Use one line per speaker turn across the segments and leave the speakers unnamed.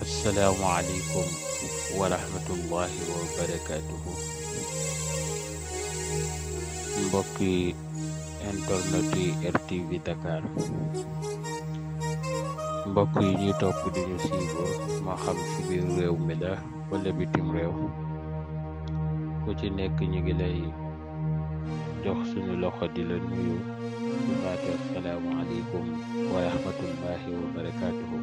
asalaamualeykum wa rahmatullahi wa barakaatuhu mbokki internet yi RTV Dakar mbokk yi ñuy topp di ñu siibo xam ci réew mi la wala bitim réew ku ci nekk ñu ngi lay jox loxo di nuyu di baate asalaamualeykum wa rahmatullahi wa barakaatuhu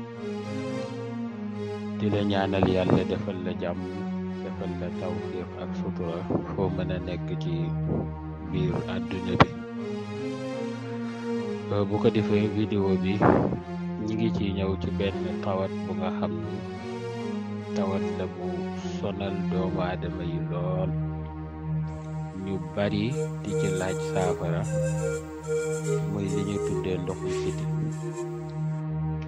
di la ñaanal yàlla defal la jàmm defal la tawfiq ak sutura foo mën nekk ci biir àdduna bi euh, bu ko defee vidéo bi ñi ngi ci ñëw ci benn tawat bu nga xam ni tawat la bu sonal doomu aadama yi lool ñu bari di laaj saafara muy li ñu tuddee ndoxum siti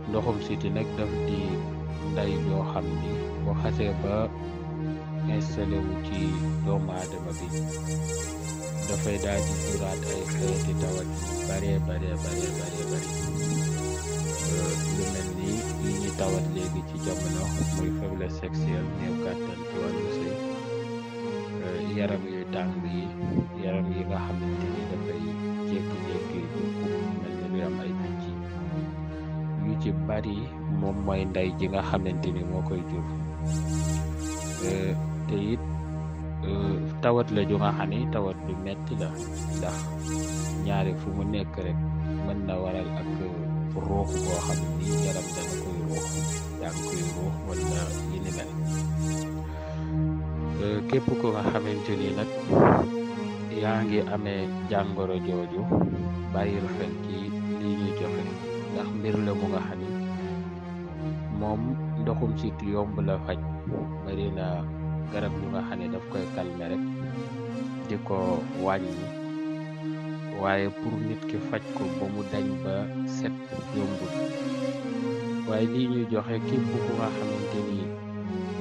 ndoxum siti nag daf di nday yoo xam ni boo xasee ba installé wu ci doomu aadama bi dafay daal di juraat ay xeeti tawat yu bare bare bare bare bare euh, lu mel ni yi ñu tawat léegi ci jamono muy faiblesse sexuelle néew kàttan ci wàllu sëy euh, yaram yu tàng yi yaram yi nga xamante ni dafay jékki-jékki mel ni lu am ay picc ci bari moom mooy ndey ji nga xamante ni moo koy jur euh, te it euh, tawat la ju nga xam ni tawat du metti la ndax ñaari fu mu nekk rek mën na waral ak ruux boo xam ni yaram dana koy ruux yaa ngi koy ruux wala yi ni mel euh, képp ko nga xamante ni nag yaa jàngoro jooju bàyyil xel mbir la mu nga xam ni moom ndoxum siti yomb la faj bari na garab yu nga xam daf koy calmer rek di ko wàññi waaye pour nit ki faj ko ba mu dañ ba set yombul waaye lii ñuy joxe képp ku nga xamante ni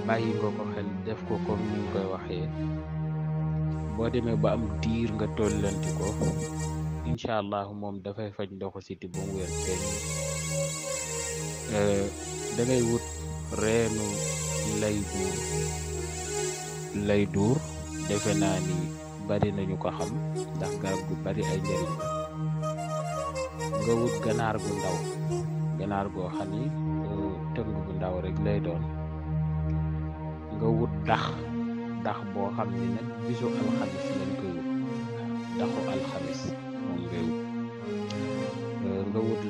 bàyyi nga ko xel def ko comme ni koy waxee boo demee ba am diir nga tollante ko incha allah moom dafay faj ndoxu siti ba mu wér euh, da ngay wut reenu lay duur defe naa ni bari nañu ko xam ndax garab gu bari ay njëriñ nga wut ganaar gu ndaw ganaar goo xam ni euh, tëng bu ndaw rek lay doon nga wut dax dax boo xam ni nag bisu alxamis lañ koy wut daxu alxamis moom réew euh, nga wut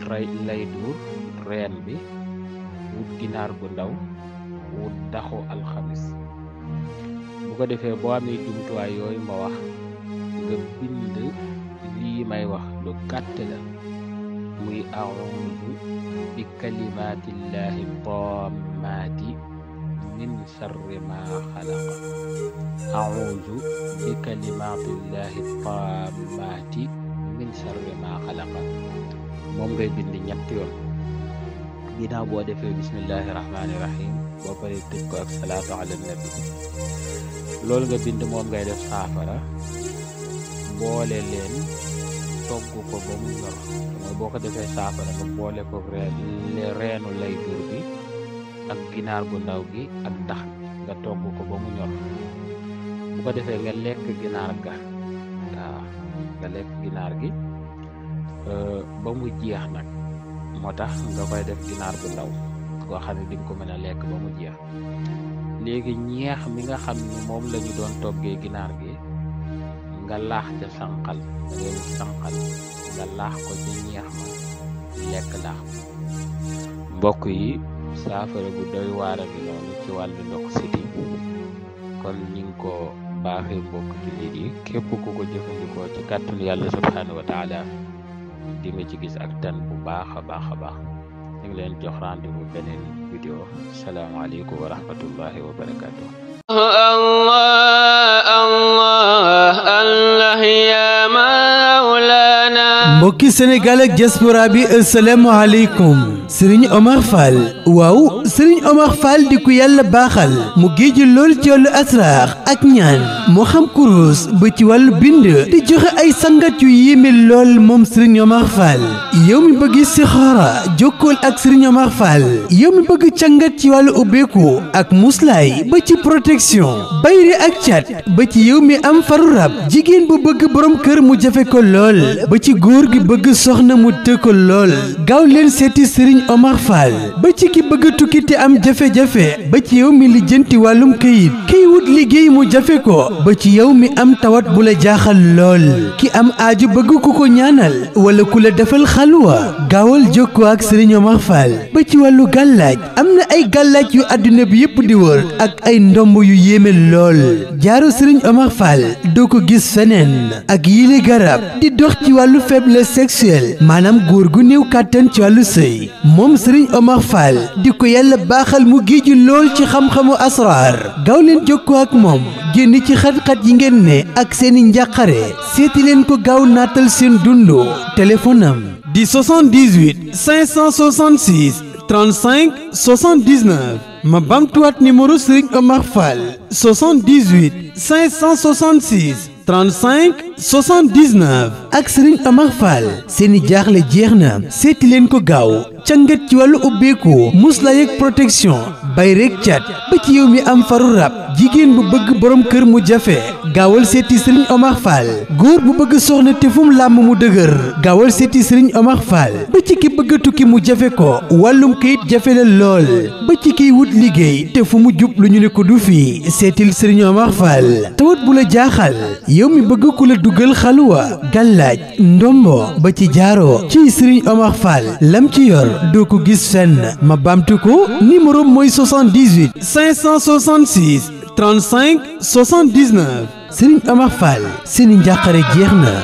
reen bi wut ginaar gu ndaw wut daxu alxamis bu ko defee boo amee jumtuwaay yooyu ma wax nga bind lii may wax lu gàtt la muy aawudu bi kalimaatillaahi taammaati min sarri maa xalaqa aawudu bi kalimaatillaahi taammaati min sharri ma khalaqa mom ngay bind ñetti yoon ginnaaw bo defé bismillahir rahmanir rahim bo paree tek ko ak salatu ala nabi lol nga bind mom ngay def saafara boole len togg ko ba mu ñor mooy boko ko safara nga boole ko reen reenu lay dur bi ak ginar bu ndaw gi ak ndax nga togg ko ba mu ñor bu ko defé nga lek ginar ga nga lekk ginaar gi euh, ba mu jeex nag moo tax nga koy def ginaar bu ndaw koo xam ne di ko mën a lekk ba mu jeex léegi ñeex mi nga xam ni moom lañu ñu doon toggee ginaar gi nga laax ca sànqal nga laax ko ci ñeex ma lekk laax mbokk yi saafara bu doy waara bi noonu ci wàllu ndox siti kon ñu ngi ko baaxee mbokk jullit yi képp ku ko jëfandikoo ci kàttan yàlla subhaanahu wa taala di nga ci gis ak tan bu baax a baax a baax ñu ngi leen jox rendez-vous beneen vidéo wa
rahmatullahi wa barakaatu. mbokki Sénégal ak diaspora bi asalaamaaleykum Serigne Omar Fall waaw Serigne Omar Fall di ku yàlla baaxal mu géeju lool ci wàllu asraar ak ñaan moo xam kurus ba ci wàllu bind di joxe ay sangat yu yéeme lool moom Serigne Omar Fall yow mi bëgg sixaara jokkool ak Serigne Omar Fall yow mi bëgg càngat ci wàllu ubbeeku ak muslaay ba ci protection bayri ak cat ba ci yow mi am faru rab jigéen bu bëgg borom kër mu jafe ko lool ba ci góor góor gi bëgg soxna mu tëkko lool gaaw leen seeti sëriñ Omar Fall ba ci ki bëgg tukki te am jafe-jafe ba ci yow mi lijjanti wàllum këyit kiy wut liggéey mu jafe ko ba ci yow mi am tawat bu la jaaxal lool ki am aaju bëgg ku ko ñaanal wala ku la defal xalwa gaawal jokkoo ak sëriñ Omar Fall ba ci wàllu gàllaaj am na ay gàllaaj yu àdduna bi yépp di wër ak ay ndomb yu yéeme lool jaaru sëriñ Omar Fall doo ko gis feneen ak yile garab di dox ci faible sexuel maanaam góor gu néew kàttan ci wàllu sëy moom sëriñ Omar Fall di ko yàlla baaxal mu ji lool ci xamxamu xamu asraar gaaw leen jokkoo ak moom génn ci xat-xat yi ngeen ne ak seeni njàqare seeti leen ko gaaw naatal seen dundu téléphone am di 78 566 35 79 ma bamtuwaat numéro sëriñ Omar Fall 78 35 79 ak Serigne Amar Fall seeni jaaxle jeex na seeti leen ko gaaw ca cangat ci wàllu ubbeeku muslaay ak protection bay rek cat ba ci yow mi am faru rab jigéen bu bëgg borom kër mu jafe gaawal seeti sëriñ Omar Fall góor bu bëgg soxna te fum làmm mu dëgër gaawal seeti sëriñ Omar Fall ba ci ki bëgg tukki mu jafe ko wàllum kayit jafe la lool ba ci kiy wut liggéey te fu mu jub lu ñu ne ko du fii seetil sëriñ Omar Fall tawat bu la jaaxal yow mi bëgg ku la dugal xaluwa gàllaaj ndombo ba ci jaaroo ci sëriñ Omar Fall lam ci yor doo ko gis fenn ma baamtu ko numéro mooy 78 566 35 79 Serigne Amar Fall seeni njàqare jeex na